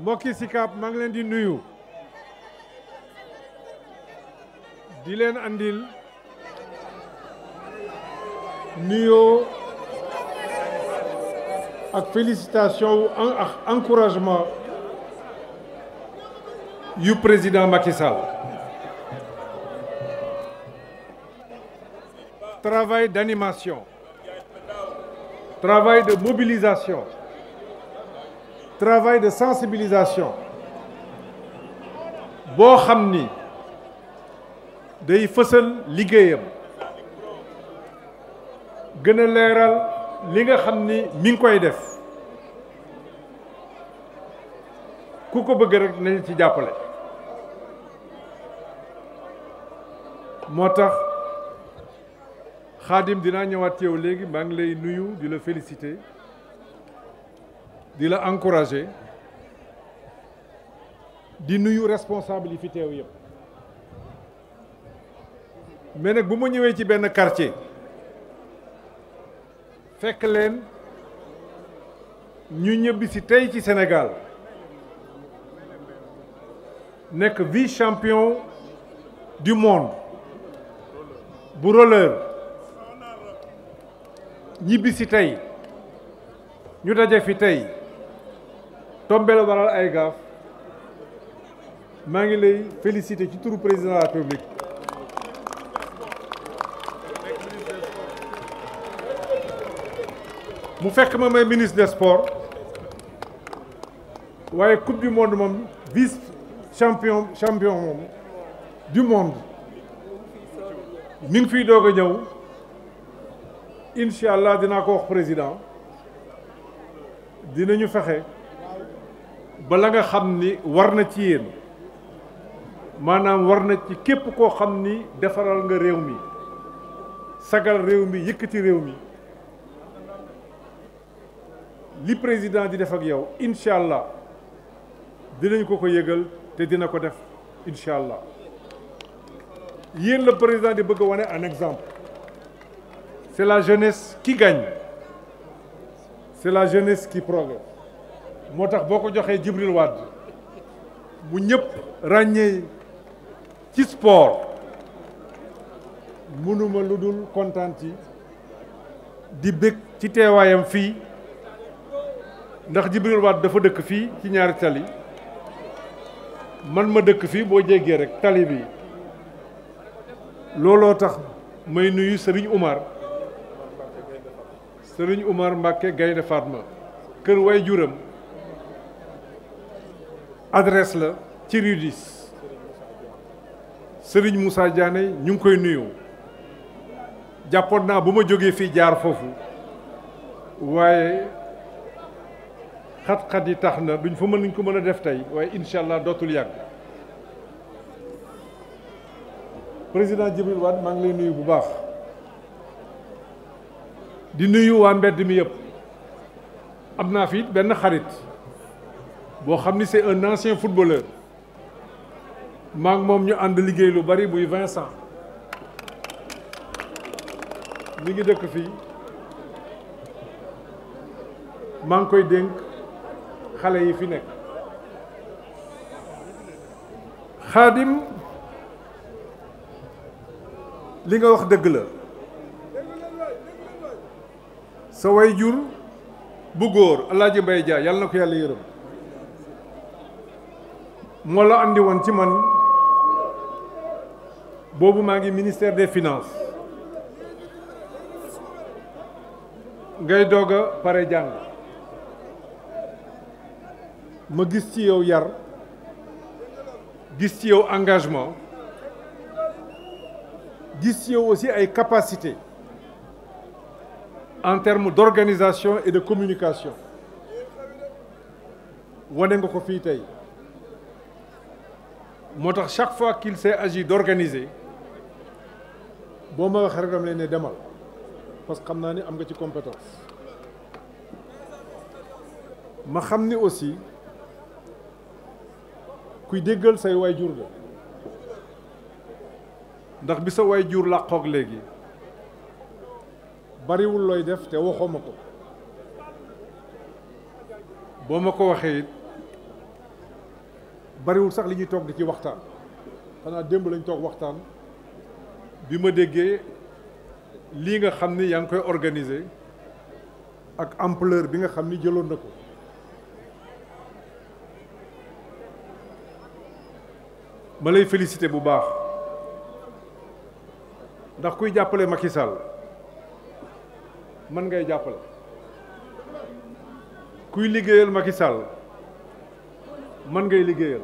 mbokki Sicap maa ngi leen di nuyu di leen andil nuyoo ak félicitation wu encouragement yu président Macky Sall travail d'animation travail de mobilisation, travail de sensibilisation boo xam ni day fësal liggéeyam gën a leeral li nga xam ni mi koy def ku ko bëgg rek nañu ci jàppale moo tax xaadim dinaa ñëwaat yow léegi maa ngi lay nuyu di la féliciter di la encourager di nuyu responsable yi fi teew yëpp mais bu ma ñëwee ci benn quartier fekk leen ñu ñëbbi si tey ci Sénégal nekk vice champion du monde bu roller ñibbi si tey ñu daje fi tey tombeel waral ay gaaf maa ngi lay félicité ci turu président de la République mu fekk ma may ministre des sports waaye coupe du monde moom vice champion champion moom du monde mi fiy doog a ñëw incha allah dinaa ko wax président dinañu fexe bala nga xam ni war na ci yéen maanaam war na ci képp koo xam ni defaral nga réew mi sagal réew mi yëkkati réew mi li président di def ak yow incha allah dinañ ko ko yëgal te dina ko def incha allah yéen la président di bëgg wane un exemple. C'est la jeunesse qui gagne. C'est la jeunesse qui progresse. moo tax boo ko joxee Djibril Wade bu ñëpp ràññee ci sport mënuma lu dul kontaan ci di bég ci teewaayam fii ndax Djibril Wade dafa dëkk fii ci ñaari tali man ma dëkk fii boo jéggee rek tali bi looloo tax may nuyu Serigne Oumar Serigne Oumar Mbacke Gaynde Fatma kër way juram adresse la ci rue 10 Serigne Moussa Diané ñu ngi koy nuyu jàppoon naa bu ma jógee fii jaar foofu waaye xat-xat yi tax na duñ fa mën nañ ko mën a def tey waaye incha allah dootul yàgg président Djibril Wade maa ngi lay nuyu bu baax. di nuyu waa mbedd mi yëpp am naa fi benn xarit boo xam ni c'est un footballeur maa moom ñu ànd liggéey lu bari muy Vincent mi ngi dëkk fii maa ngi koy dénk xale yi fi nekk Xaadim li nga wax dëgg la sa way jur bu góor Alaaji Mbay Jaay yàlla na ko yàlla yërëm moo la andi woon ci man boobu maa ngi ministère des finances ngay doog a pare jàng ma gis ci yow yar gis ci yow engagement gis ci yow aussi ay capacité en terme d'organisation et de communication wane nga ko fii tey moo tax chaque fois qu'il s'est agi d'organiser boo ma waxee rek dama leen ne demal parce que xam naa ni am nga ci compétence ma xam ni aussi kuy déggal say waay jur la ndax bi sa waay jur làqoog léegi bariwul looy def te waxoo ma ko boo ma ko waxee it bariwul sax li ñuy toog di ci waxtaan xanaa démb lañ toog waxtaan bi ma déggee lii nga xam ni yaa ngi koy organise ak ampleur bi nga xam ni jëloon na ko ma lay féliciter bu baax ndax kuy jàppale ma Sall man ngay jàppale kuy liggéeyal Macky sàll man ngay liggéeyal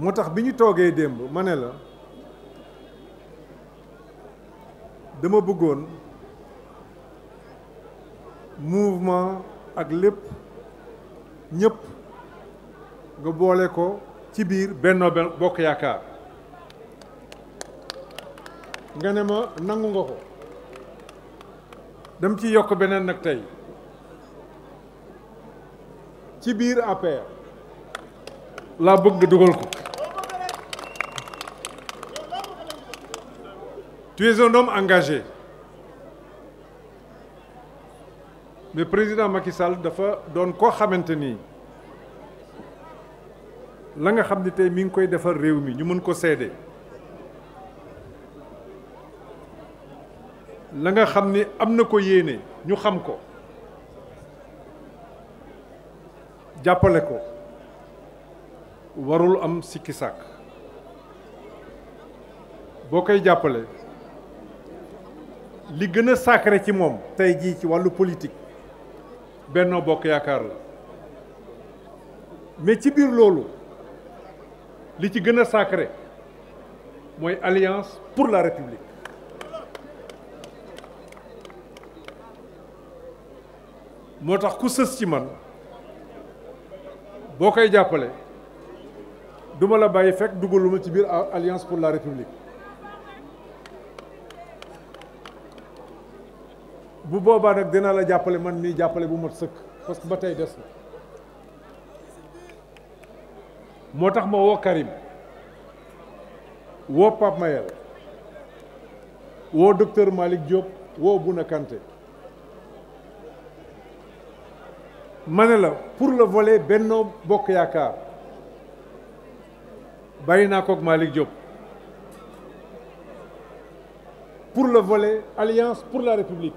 moo tax bi ñu toogee démb ma ne la dama bëggoon mouvement ak lépp ñëpp nga boole ko ci biir Benno Bokk Yaakaar nga ne ma nangu nga ko dem ci yokk beneen nag tey ci biir APR laa bëgg dugal ko tu es un engagé mais président Macky Sall dafa doon koo xamante nii la nga xam ni tey mi ngi koy defar réew mi ñu mën ko seede la nga xam ni am na ko yéene ñu xam ko jàppale ko warul am sikki sàkk boo koy jàppale li gën a sacré ci moom tey jii ci wàllu politique Benno Bokk Yaakaar la mais ci biir loolu li ci gën a sacré mooy alliance pour la république moo tax ku sës ci man boo koy jàppale duma la bàyyi fekk dugaluma ci biir alliance pour la république bu boobaa nag dinaa la jàppale man mii jàppale bu mat sëkk parce que ba tey des na moo tax ma woo Karim woo Pape Mayel woo docteur Malick Diop woo Bouna Kanté ma ne la pour le volet bennoo Bokk Yaakaar bàyyi naa koog Malick Diop pour le volet Alliance pour la République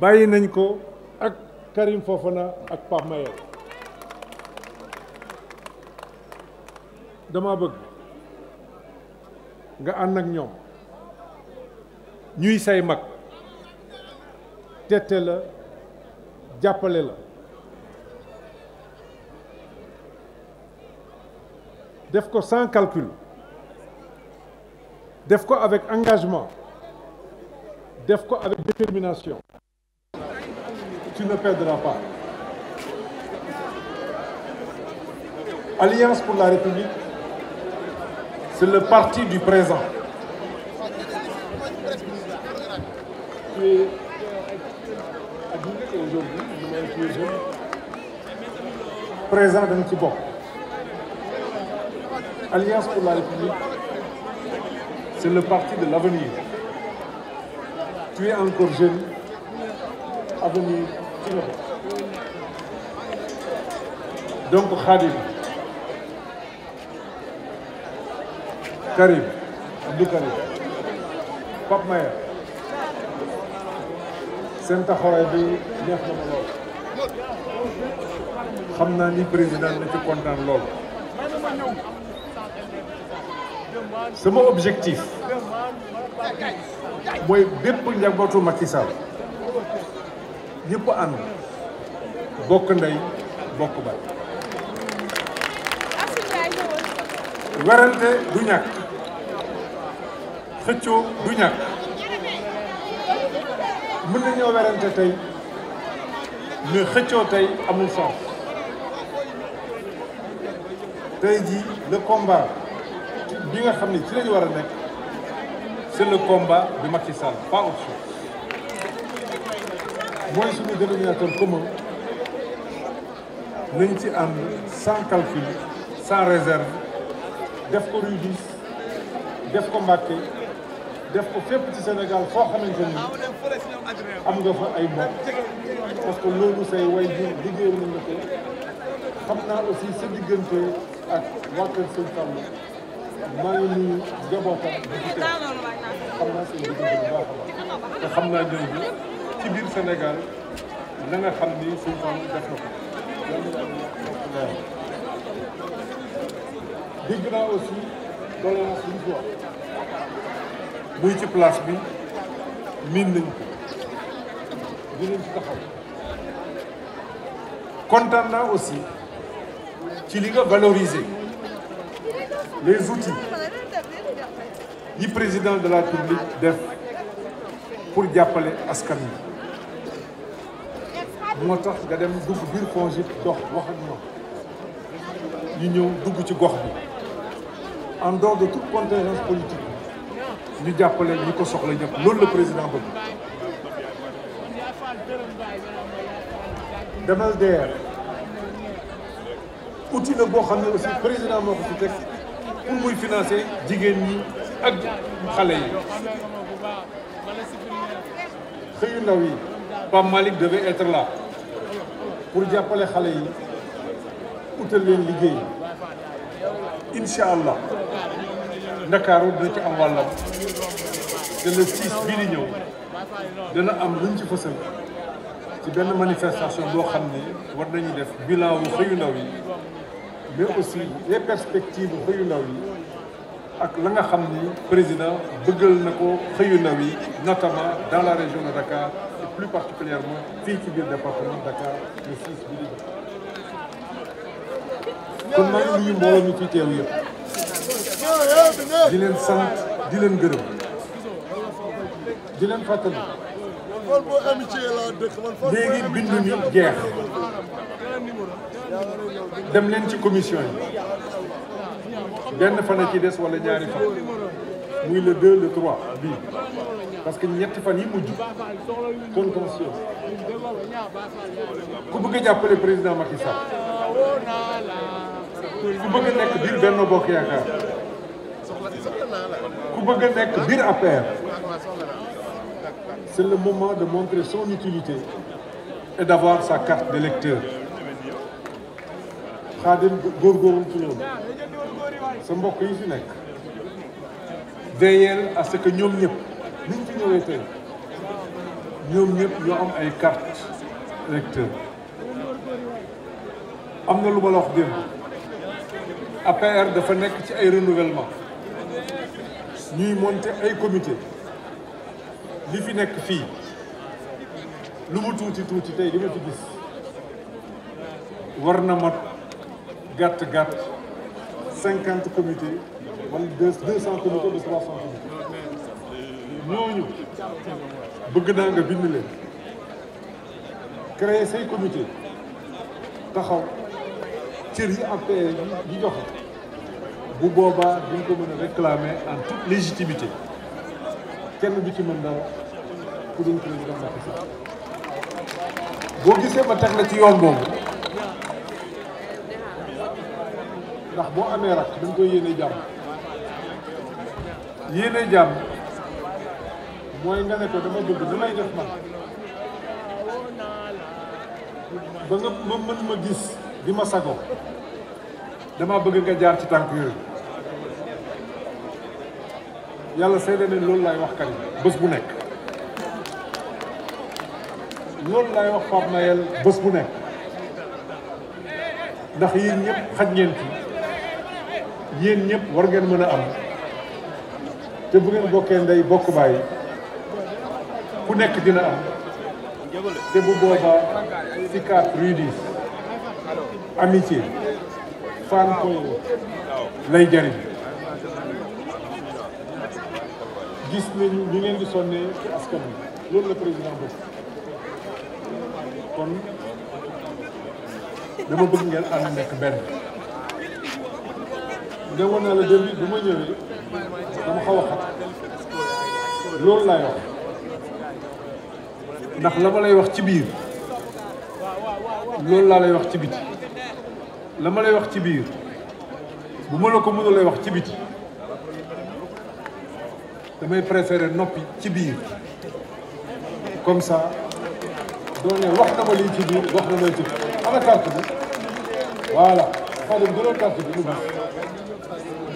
bàyyi nañ ko ak Karim Fofana ak Pape Maye dama bëgg nga ànd ak ñoom ñuy say mag tette la jàppale la def ko sans calcul def ko avec engagement def ko avec détermination tu ne perdras pas Alliance pour la République c'est le parti du présent président dañ ci bokk alliance pour la république c'est le parti de l'avenir tu es encore jeune avenir ci la donc Khadim Karim Abdou Karim Pape Mayer seen taxawaay bi neex na ma lool xam naa ni président na ci kontaan lool sama objectif mooy bépp njabootu Macky Sall ñëpp ànd bokk ndey bokk baay werante du ñàkk xëccoo du ñàkk mën nañoo tey mais xëccoo tey amul sens tey le combat bi nga xam ne ci la ñu war a nekk c'est le ci ànd sans calcul sans réserve def ko Rue def ko Mbacké def ko fépp ci Sénégal foo xamante ni am nga fa ay mbokk parce que loolu say way ji liggéey nañ la ko xam naa aussi sa diggante ak waa Kër Sëñ Fallu maa ngi nuyu xam naa seen ci biir Sénégal la xam ni Sëñ Fallu def na bi miin ci taxaw kontaan naa aussi ci li nga valoriser les outils yi président de la République def pour jàppale askan wi moo tax nga dem dugg biir FONGIP dox wax ak ñoom ñëw dugg ci gox bi en dehors de toute contingence politique ñu jàppale ñi ko soxla ñëpp loolu la président bëgg demal DER outil la boo xam ne aussi président moo ko fi teg pour muy financer jigéen ñi ak xale yi. xëyu ndaw yi Pape Malick devait être là pour jàppale xale yi utal leen liggéey incha allah ndakaaru dina ci am wàllam te le 6 bii di ñëw dana am luñ ci fësal ci benn manifestation boo xam ni war nañu def bilan wu xëyu ndaw yi. mais aussi les perspectives xëyu ndaw yi ak la nga xam ni président bëggal na ko xëyu ndaw yi notamment dans la région de Dakar et plus particulièrement fii ci biir département Dakar le 6 bi di kon maa ngi nuyu mbooloo mi fi teew yëpp di leen sant di leen gërëm di leen fàttali léegi bindu mi jeex dem leen ci commission yi benn fan a ci des wala ñaari fan muy le 2 le 3 bii parce que ñetti fan yi mujj contentieux ku bëgg jàppale président Macky Sall ku bëgg a nekk biir Benno Bokk Yaakaar ku bëgg nekk biir APR c'est le moment de montrer son utilité et d'avoir sa carte d'électeur góor góorgóorlu ci ñoom sa mbokk yi fi nekk veilleel à ce que ñoom ñëpp niñ fi ñëwee tey ñoom ñëpp am ay carte électeur am na lu ma la wax démb dafa nekk ci ay renouvellement ñuy monter ay comité li fi nekk fii lu mu tuuti tuuti tey li ma ci gis war na mat gàtt gàtt cinquante comités wala deux cent comités de trois cent bëgg naa nga bind leen créer say comité taxaw cër yi affaire yi di bu boobaa duñ ko mën a réclamer en toute légitimité kenn du ci mën dara ku duñ président Macky Sall boo gisee ma teg la ci yoon boobu ndax boo amee rak dañ koy yéene jàmm yéene jàmm mooy nga ne ko dama bëgg da lay def man ba nga ma mën ma gis bi ma sago dama bëgg nga jaar ci tànk yooyu yàlla seede loolu laay wax Karim bés bu nekk loolu laay wax Pape Mayel bés bu nekk ndax yéen ñëpp xaj ngeen ci yéen ñëpp war ngeen mën a am te bu ngeen bokkee ndey bokk bàyyi ku nekk dina am te bu boobaa Sicap Rue 10 fan koyo lay jariñ gis nañu ñu ngeen di sonnee ci askan bi loolu la président bëgg kon dama bëgg ngeen ànd nekk benn demoon la début bi ma ñëwee dama xaw a xat loolu laay wax ndax la ma lay wax ci biir loolu laa lay wax ci biti la ma lay wax ci biir bu ma la ko mënul lay wax ci biti damay préférer noppi ci biir comme ça doo ne wax na ma lii ci biir wax na ma ci biir ana carte bi voilà Fatou Ndiaye carte bi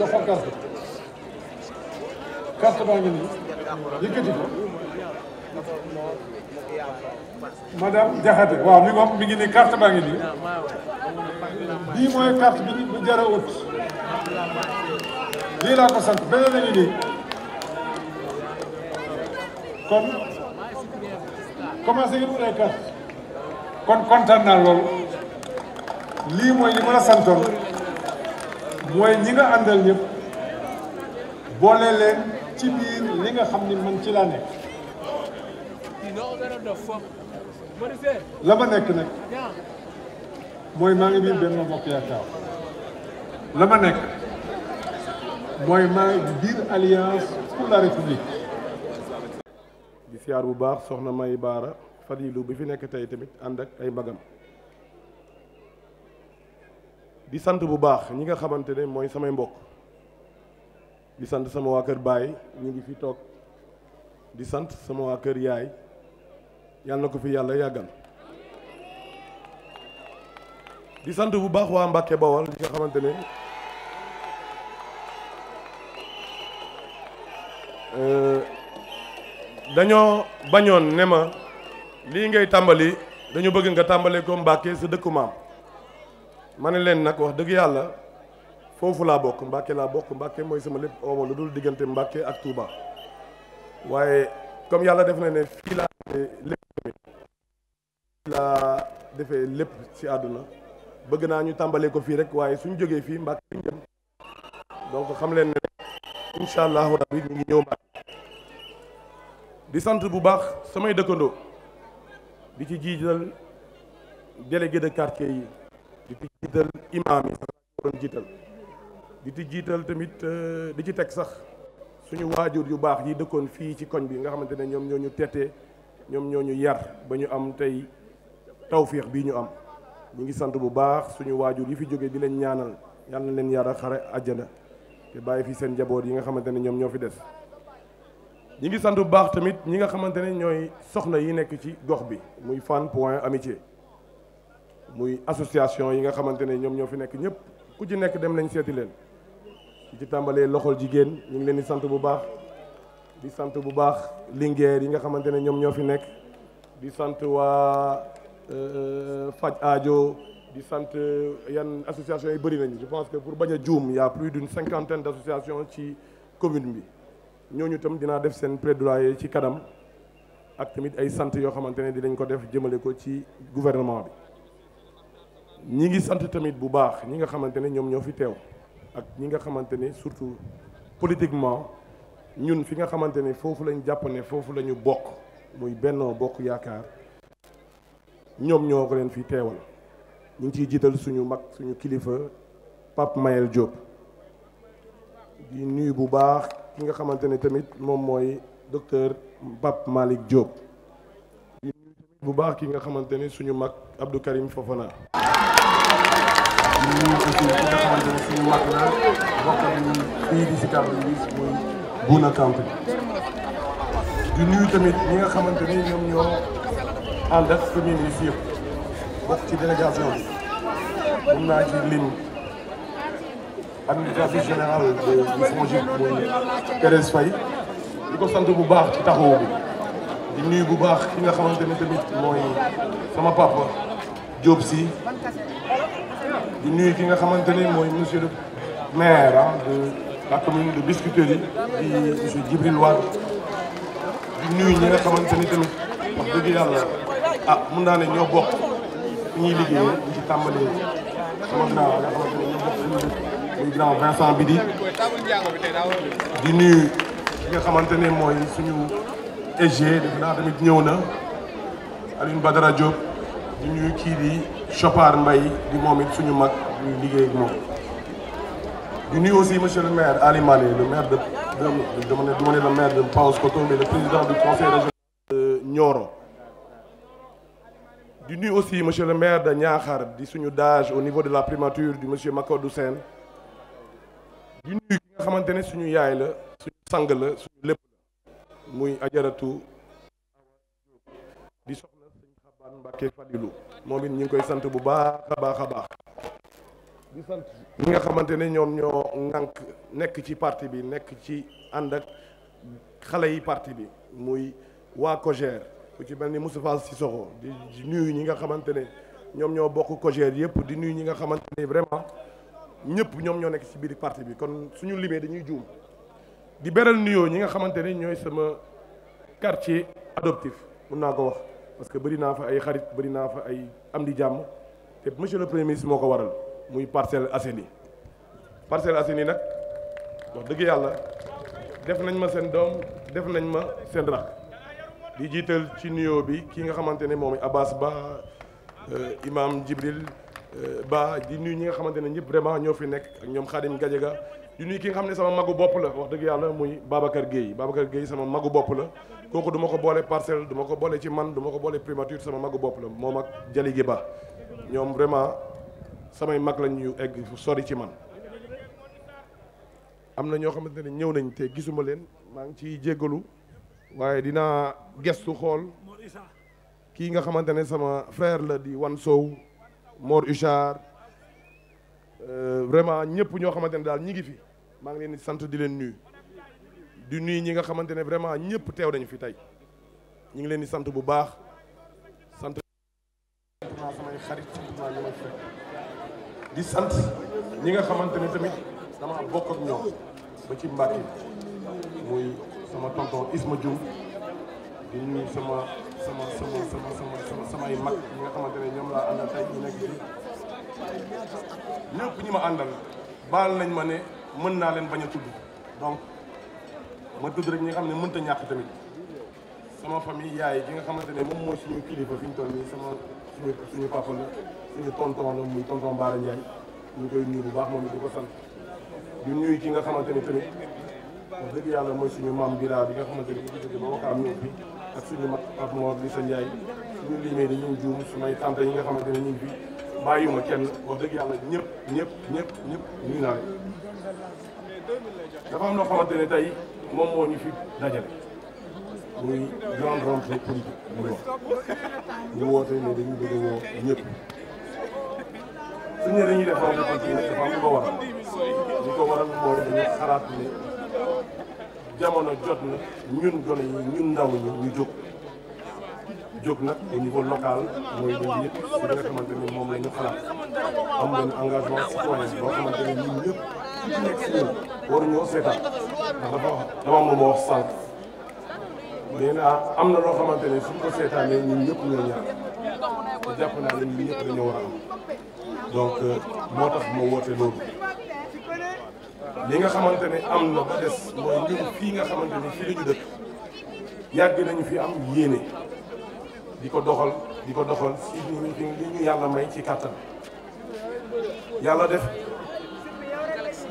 jox ko carte carte baa bi bu jar kon commencé ngeen ut ay kon kontaan naa lii mooy li ma la santoon mooy ñi nga àndal ñëpp boole leen ci biir li nga xam ni man ci laa nekk la ma nekk nag mooy maa ngi biir Benno Bokk la ma nekk mooy maa ngi biir alliance pour la république di bu baax soxna May Baara Fadilu bi fi nekk tey tamit ànd ak ay mbagam di sant bu baax ñi nga xamante ne mooy samay mbokk di sant sama waa kër baay ñu ngi fi toog di sant sama waa kër yaay yàlla na ko fi yàlla yàggal di sant bu baax waa Mbàkke Bawol ñi nga xamante ne euh, dañoo bañoon ne ma lii ngay tàmbali dañu bëgg nga tàmbalee ko Mbàkke sa dëkku maam ma ne leen nag wax dëgg yàlla foofu laa bokk Mbàkke laa bokk Mbàkke mooy sama lépp omo lu dul diggante Mbàkke ak Touba waaye comme yàlla def na ne fii laa lépp laa defee lépp ci àdduna bëgg naa ñu tàmbalee ko fii rek waaye suñ jógee fii Mbàkke ñu jëm donc xam leen ne incha allahu ñu ngi ñëw Mbàkke di sant bu baax samay dëkkandoo di ci jiital délégué de quartier yi di ci jiital imaam yi sax waroon jiital di ci jiital tamit euh, di ci teg sax suñu waajur yu baax yi dëkkoon fii ci koñ bi nga xamante ne ñoom ñoo ñu tettee ñoom ñoo ñu yar ba ñu am tey tawféex bii ñu am ñu ngi sant bu baax suñu waajur yi fi jógee di leen ñaanal yal na leen yara xare àjjana te bàyyi fi seen njaboot yi nga xamante ne ñoom ñoo fi des ñi ngi sant bu baax tamit ñi nga xamante ne ñooy soxna yi nekk ci gox bi muy Fann Point Amitié muy association yi nga xamante ne ñoom ñoo fi nekk ñëpp ku ci nekk dem nañ seeti leen ci tàmbalee loxol jigéen ñu ngi leen di sant bu baax di sant bu baax lingeer yi nga xamante ne ñoom ñoo fi nekk di sant waa euh, euh, faj ajo di sant euh, yan association yi bëri nañ je pense que pour bañ a juum y a ne d'une cinquantaine d'associations ci commune bi ñooñu itam dinaa def seen plaidoyer ci kanam ak tamit ay sant yoo xamante ne dinañ ko def jëmale ko ci gouvernement ñi ngi sant tamit bu baax ñi nga xamante ne ñoom ñoo fi teew ak ñi nga xamante ne surtout politiquement ñun fi nga xamante ne foofu lañ jàpp ne foofu lañu bokk muy Benno Bokk Yaakaar ñoom ñoo ko leen fi teewal ñu ngi ciy jiital suñu mag suñu kilifa Pape Mayel Diop di nuyu bu baax ki nga xamante ne tamit moom mooy docteur Pape Malick Diop. di nuyu bu baax ki nga xamante ne suñu mag Abdou Karim Fofana. ñun aussi li nga xamante ne suñu mag la bokk nañu fii di Sicap Rewis muy Bouna Kanté di nuyu tamit ñi nga xamante ni ñoom ñoo ànd ak premier ministre yëpp bokk ci délégation bi mun naa ci lim administrateur général du FONGIP muy Thérèse Faye di ko sant bu baax ci taxawu bi di nuyu bu baax ki nga xamante ni tamit mooy sama papa Diop Sy di nuyu ki nga xamante ne mooy monsieur le maire ah, de la commune de Biscuiterie di monsieur Djibril Wade di nuyu ñi nga xamante tamit ah, mun naa ne ñoo bokk fi ñuy liggéey di ci tàmbalee muy grand Vincent bi di di ki nga xamante ne mooy suñu EG def naa tamit ñëw na Alioune Badara Diop di nuyu kii di Chopard mbay di moom it suñu mag ñuy liggéey ak moom di nuyu aussi monsieur le maire Ali Mané le maire de dama ne dama ne le maire de Paos Koto le président du conseil régional de Nioro di nuyu aussi monsieur le maire de Niakhar di suñu DAGE au niveau de la primature du monsieur Makodou Sène di nuyu ki nga xamante ne suñu yaay la suñu sang la suñu lépp la muy ajaratu di soxna sëñ Xaban Mbàkke Fadilu moom ñu ngi koy sant bu baax baax a baax sant ñi nga xamante ne ñoom ñoo ŋànk nekk ci parti bi nekk ci ànd ak xale yi parti bi muy waa COJER ku ci mel ni Moustapha Sissoko di nuyu ñi nga xamante ne ñoom ñoo bokk COJER yëpp di nuyu ñi nga xamante ne vraiment ñëpp ñoom ñoo nekk ci biir parti bi kon suñu limee dañuy juum di beral nuyoo ñi nga xamante ne ñooy sama quartier adoptif mun naa ko wax parce que bëri naa fa ay xarit bëri naa fa ay am di jàmm te monsieur le premier ministre moo ko waral muy Parcelles Assainies Parcelles Assainies nag wax dëgg yàlla def nañ ma seen doom def nañ ma seen rax di jiital ci nuyoo bi ki nga xamante ne moom Abbas Ba euh, Imam Jibril euh, Ba di nuyu ñi nga xamante ne ñëpp vraiment ñoo fi nekk ak ñoom gaje ga di nuyu ki nga xam ne sama magu bopp la wax dëgg yàlla muy Babacar Gueye Babacar Gueye sama magu bopp la kooku du ko boole parcelle du ko boole ci man duma ma ko boole primature sama magu bopp la moom ak Jali ba ñoom vraiment samay mag lañ ñu egg sori ci man. am na ñoo xamante ne ñëw nañ te gisuma leen maa ngi ciy jéggalu waaye dinaa gestu xool kii nga xamante ne sama frère la di Wan Sow Mor Huchard euh, vraiment ñëpp ñoo xamante ne daal ñi ngi fi. maa ngi leen di sant di leen nuyu di nuyu ñi nga xamante ne vraiment ñëpp teew dañu fi tey ñu ngi leen di sant bu baax sant ma samay xarit ma ñu ma fekk di sant ñi nga xamante ne tamit dama bokk ak ci Mbàkke sama tonton Isma Dioum di nuyu sama sama sama sama sama samay mag ñi nga xamante ne ñoom laa àndal tey ñu nekk fii ñi ma àndal baal nañ ma ne mën naa leen bañ a tudd donc ma tudd rek ñi nga xam ne mënta ñàkk tamit sama famille yaay gi nga xamante ne moom mooy suñu kilifa fi ñu toll nii sama suñu suñu papa la suñu tonton la muy tonton Baara Ndiaye bu baax moom di ko sant di nuyu ki nga xamante ne tamit dëgg yàlla mooy suñu maam Bira bi nga xamante ne bu ñu jógee ba Wakaam ñëw fi ak suñu mag Pape sumay tante yi nga xamante ne ñu ngi fi bàyyiwuma kenn wax dëgg yàlla ñëpp ñëpp ñëpp ñëpp nuyu naa leen dafa am loo xamante ne tey moom moo ñu fi dajale muy grande rentrée politique bu ñu wax ñu woote ne dañu bëgg woo ñëpp suñ ne dañuy def rentrée politique dafa na ñun gone yi ñu jóg jóg nag au niveau local mooy dañu yëpp si nga xamante ne moom la ñu xalaat am benn engagement citoyen boo xamante ne ñun ñëpp nekk si ñun waruñoo seetaan ndax dafa dama am lu ma wax sànq nee naa am na loo xamante ne suñ ko seetaanee ñun ñëpp ñoo ñaar te war a am donc euh, moo tax ma woote loolu li nga xamante ne am na des mooy ñun fii nga xamante fii dëkk yàgg nañu fi am yéene di ko doxal di ko doxal si li ñu yàlla may ci kàttan yàlla def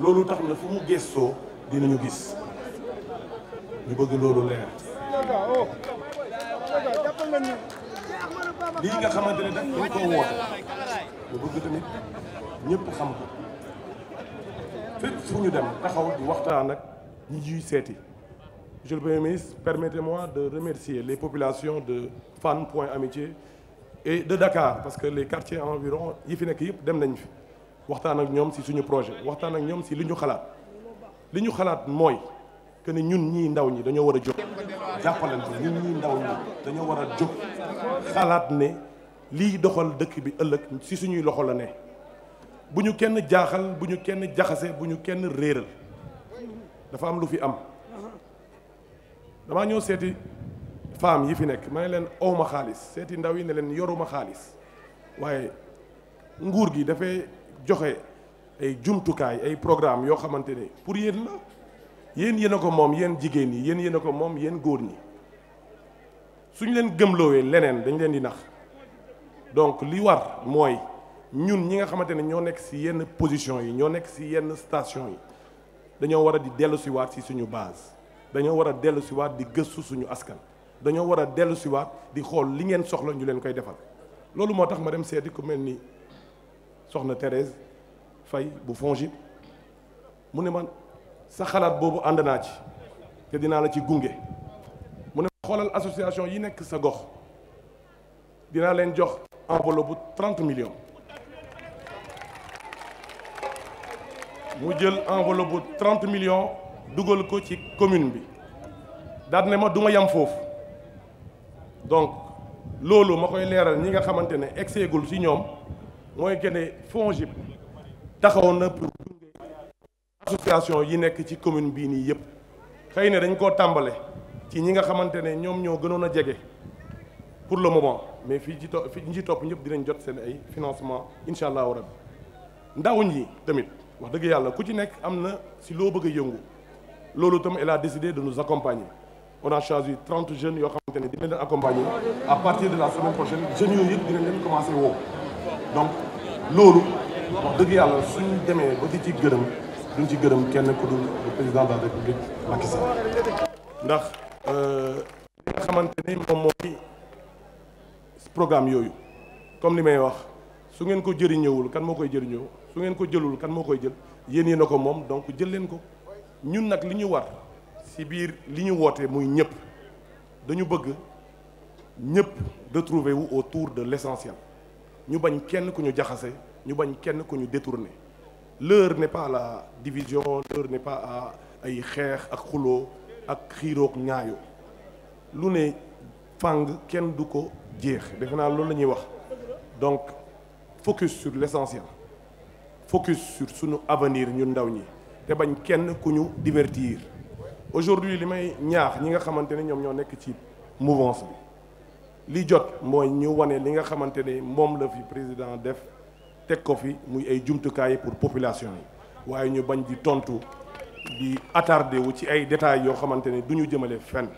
loolu tax na fu mu gëstoo dinañu gis ñu bëgg loolu leer lii nga xamante ne dañ ko woote ñu bëgg tamit ñëpp xam ko fépp fu ñu dem taxaw waxtaan ak ñi ñuy seeti monsieur le premier ministre permettez-moi de remercier les populations de Fann Point Amitié et de Dakar parce que les quartiers environ yi fi nekk yëpp dem nañ fi waxtaan ak ñoom si suñu projet waxtaan ak ñoom si li ñu xalaat li ñu xalaat mooy que ne ñun ñii ndaw ñi dañoo war a jóg jàppalante ñun ñii ndaw ñi dañoo war a jóg xalaat ne lii doxal dëkk bi ëllëg si suñuy loxo la ne bu ñu kenn jaaxal bu ñu kenn jaxase bu ñu kenn réeral dafa am lu fi am damaa ñëw seeti femmes yi fi nekk ma ne leen awma xaalis seeti ndaw yi ne leen yoruma xaalis waaye nguur gi dafay joxe ay jumtukaay ay programme yoo xamante ne pour yéen la yéen yéen a ko moom yéen jigéen ñi yéen yéen a ko moom yéen góor ñi suñ leen gëmloowee leneen dañ leen di nax donc li war mooy ñun ñi nga xamante ne ñoo nekk ci yenn position yi ñoo nekk ci yenn station yi dañoo war a di dellu ci waat suñu base dañoo war a dellu ci waat di gëstu suñu askan dañoo war a dellu ci di xool li ngeen soxla ñu leen koy defal loolu moo tax ma dem seeti ku mel ni soxna Thérèse fay bu Fongib mu ne man sa xalaat boobu ànd naa ci te dinaa la ci gunge mu ne xoolal association yi nekk sa gox dinaa leen jox enveloppe bu 30 millions mu jël enveloppe bu 30 millions dugal ko ci commune bi daal ma duma ma yam foofu donc loolu ma koy leeral ñi nga xamante ne egseegul ci ñoom mooy que ne FONGIP taxawoon na pour association yi nekk ci commune bii nii yëpp xëy na dañ koo tàmbale ci ñi nga xamante ne ñoom ñoo gënoon a jege pour le moment mais fii ci to fii ñi ci topp ñëpp dinañ jot seen ay financement incha allah rabbi ndaw ñi tamit wax dëgg yàlla ku ci nekk am na si loo bëgg yëngu loolu itam elle a décidé de nous accompagner on a choisi trente jeunes yoo xamante ne dinañ leen accompagner à partir de la semaine prochaine jeunes yooyu loolu wax dëgg yàlla suñ demee ba di ci gërëm duñ ci gërëm kenn ku dul le président de la république Macky ndax euh, li nga xamante ni moom mooy programme yooyu comme li may wax su ngeen ko jëriñëwul kan moo koy jëriñëw su ngeen ko jëlul kan moo koy jël yéen yéen ko moom donc jël leen ko ñun nag li ñu war si biir li ñu woote muy ñëpp dañu bëgg ñëpp retrouver wu autour de l'essentiel ñu bañ kenn ku ñu jaxase ñu bañ kenn ku ñu détourné l'heure ne pas la division l'heure n'est pas à ay xeex ak xuloo ak xiiroog ñaayo lu ne fàng kenn du ko jeex defe naa loolu la ñuy wax donc focus sur l'essentiel focus sur sunu avenir ñun ndaw ñi te bañ kenn ku ñu divertir aujourd'hui li may ñaax ñi nga xamante ne ñoom ñoo nekk ci mouvance bi li jot mooy ñu wane li nga xamante ni moom la fi président def teg ko fi muy ay jumtukaay pour population yi waaye ñu bañ di tontu di attardé wu ci ay détails yoo xamante ni du ñu jëmale fenn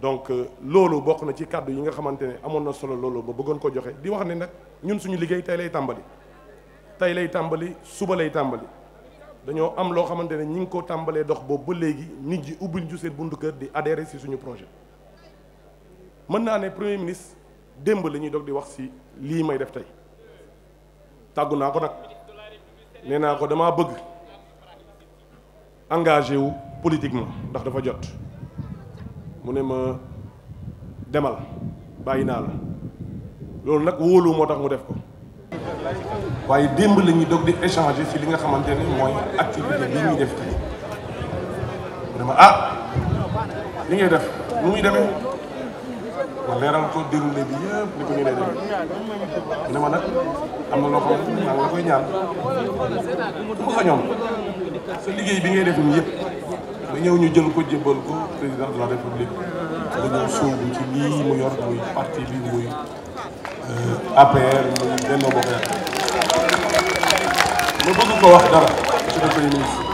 donc euh, loolu bokk na ci kàddu yi nga xamante ne amoon na solo loolu ba bëggoon ko joxe di wax ne nag ñun suñu liggéey tey lay tàmbali tey lay tàmbali suba lay tàmbali dañoo am loo xamante ne ñi ngi ko tàmbalee dox boobu ba léegi nit ji ubbil ju seen buntu kër di adhéré suñu projet mën naa ne premier ministre démb la ñuy dog di wax ci lii may def tey tàggu naa ko nag nee naa ko damaa bëgg engage wu politiquement ndax dafa jot mu ne ma demal bàyyi naa la loolu nag wóolu moo tax mu def ko waaye démb la ñuy dog di échanger ci li nga xamante ne mooy activité bi ñuy def tey mu ne ma ah li ngay def nu muy demee ma leeral ko déroulé bi yëpp ni ko ñu nee dem nag am na loo xam ne maa ngi la koy ñaan bu ko sañoon sa liggéey bi ngay def nii nga ñëw ñu jël ko jébbal ko président de la république nga ñëw sóobu ci lii mu yor muy parti bi muy euh, APR muy Benno Bokk Yaakaar ma bëgg ko wax dara monsieur le ministre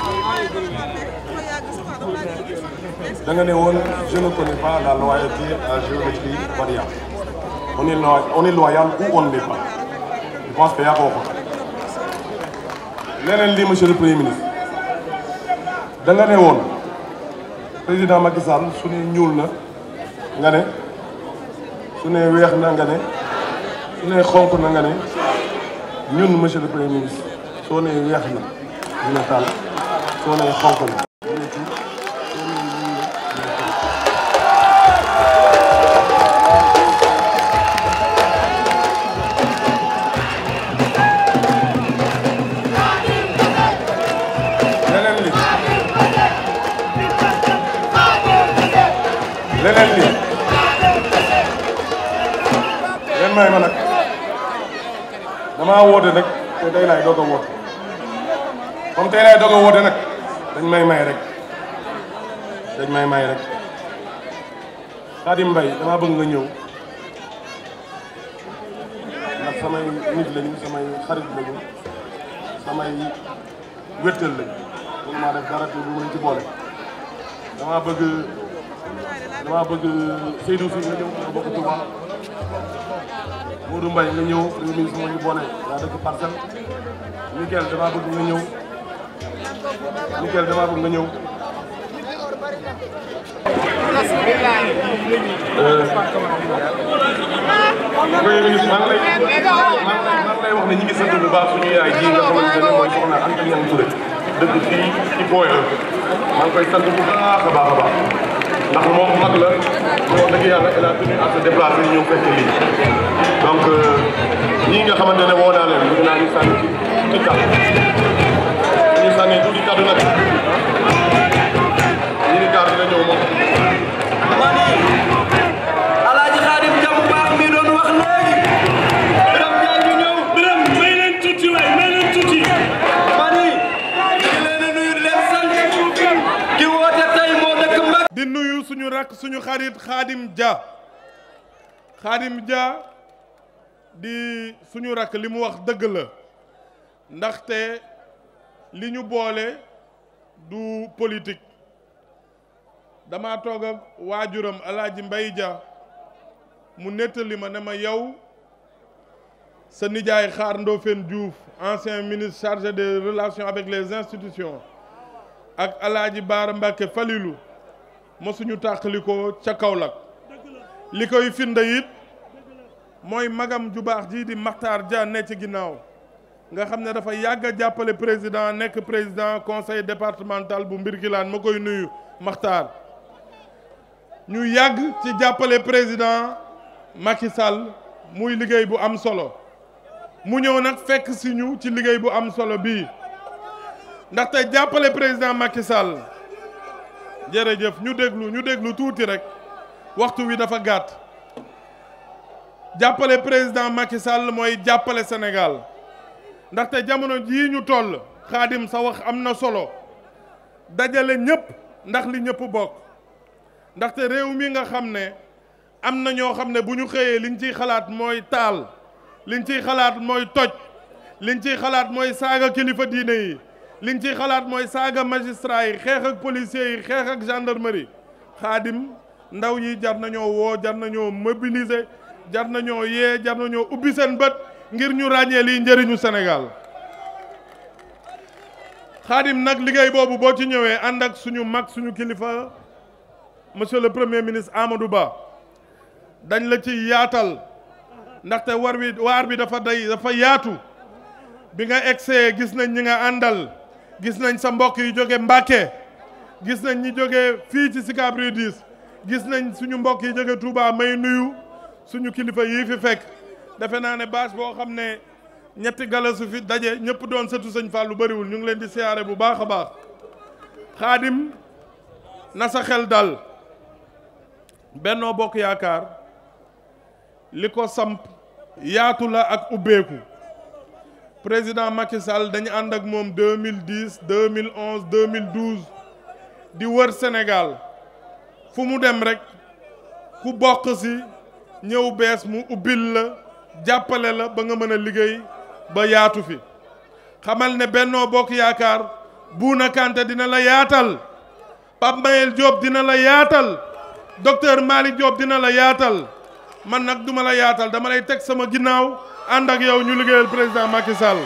da nga ne woon je ne connais pas la loyauté à géométrie variable on est loyal on est loyal ou on ne l'est pas je pense que yaa ko waxoon leneen lii monsieur le premier ministre da nga ne woon président Macky Sall su ne ñuul na nga ne su ne weex na nga ne su ne xonq na nga ne ñun monsieur le premier ministre soo ne weex na ñu ne tàll soo ne xonq na leneen li ngeen may ma nag damaa woote nag te tey laay doog a woote comme tey laay doog a woote nag dañ may may rek dañ may may rek Khadim Mbaye damaa bëgg nga ñëw ndax samay nit lañu samay xarit lañu samay wéttal lañu pour ma def dara te bu ma ci boole damaa bëgg. dama bëgg Seydou Sy nga ñëw nga bokk Touba Modou Mbaye nga ñëw premier ministre moo ñu boole yaa dëkk Parcelles Michel dama bëgg nga ñëw Michel dama bëgg nga ñëw euh, premier ministre maa ngi lay maa ngi lay wax ne ñu ngi sant bu baax suñu yaay ji nga xamante ne mooy soxna Anta Niang Touré dëkk fii ci Boye maa ngi koy sant bu baax a baax a baax ndax moom mag la wax dëgg yàlla elle a tenu à se déplacer ñëw fekk lii donc euh, ñii nga xamante ne woo naa leen bëgg naa ñu sànni ci kàddu ñu sànni tuuti kàddu nag ñi di kàddu la ñëw moom suñu xarit xaadim Dia Khadim Dia di suñu rakk li mu wax dëgg la ndaxte li ñu boole du politique dama toog ak waajuram Alaaji Mbay Dia mu nettali ma ne ma yow sa nijaay Khar Ndofène Diouf ancien ministre chargé de relation avec les institutions ak Alaaji Baara Mbàkke Falilu ma mosuñu tàqalikoo ca Kaolack li koy firnde it mooy magam ju baax ji di maxtar Dia ne ci ginnaaw nga xam ne dafa yàgg jàppale président nekk président conseil départemental bu mbir Mbirkilaan ma koy nuyu Makhtar ñu yàgg ci jàppale président Macky Sall muy liggéey bu am solo mu ñëw nag fekk si ñu ci liggéey bu am solo bii ndaxte jàppale président Macky Sall jërëjëf ñu déglu ñu déglu tuuti rek waxtu wi dafa gàtt jàppale président Macky Sall mooy jàppale senegal ndaxte jamono jii ñu toll xaadim sa wax am na solo dajale ñëpp ndax li ñëpp bokk ndaxte réew mi nga xam ne am na ñoo xam ne bu ñu xëyee liñ ciy xalaat mooy taal liñ ciy xalaat mooy toj liñ ciy xalaat mooy saaga kilifa diine yi liñ ciy xalaat mooy saaga magistrat yi xeex ak policiers yi xeex ak gendarmerie xaadim ndaw ñi jar nañoo woo jar nañoo mobiliser jar nañoo yee jar nañoo ubbi seen bët ngir ñu ràññee lii njëriñu Sénégal xaadim nag liggéey boobu boo ci ñëwee ànd ak suñu mag suñu kilifa monsieur le premier ministre Amadou Ba dañ la ci yaatal ndaxte war wi waar bi dafa day dafa yaatu bi nga egsee gis nañ ñi nga àndal gis nañ sa mbokk yi jóge Mbàkke gis nañ ñi jóge fii ci Sicap Rue gis nañ suñu mbokk yi jóge Touba may nuyu suñu kilifa yii fi fekk defe naa ne bâche boo xam ne ñetti gala su fi daje ñëpp doon sëtu sëñ lu bariwul ñu ngi leen di siyaare bu baax a baax xaadim na sa xel dal Benno Bokk Yaakaar li ko samp yaatu la ak ubbeeku président Macky Sall dañu ànd ak moom 2010 2011 2012 di wër Sénégal fu mu dem rek ku bokk ci ñëw bees mu ubbil la jàppale la ba nga mën a liggéey ba yaatu fi xamal ne Benno Bokk Yaakaar Bouna Kanté dina la yaatal Pape Mayel Diop dina la yaatal docteur Malick Diop dina la yaatal man nag duma la yaatal dama lay teg sama ginnaaw ànd ak yow ñu liggéeyal président Macky Sall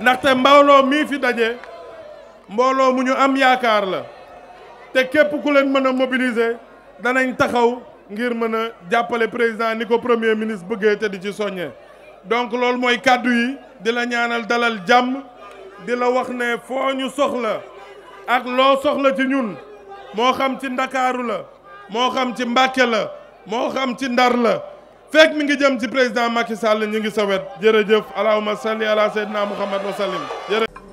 ndaxte mbooloo mii fi daje mbooloo mu ñu am yaakaar la te képp ku leen mën a mobilise danañ taxaw ngir mën a jàppale président ni ko premier ministre bëggee te di ci soññee donc loolu mooy kàddu yi di la ñaanal dalal jàmm di la wax ne foo ñu soxla ak loo soxla ci ñun moo xam ci Ndakaaru la moo xam ci Mbàkke la moo xam ci ndar la fekk mi ngi jëm ci président Macky Sall ñu ngi sa wet jërëjëf allahumma salli ala sayyidina muhammad wa sallim jërëjëf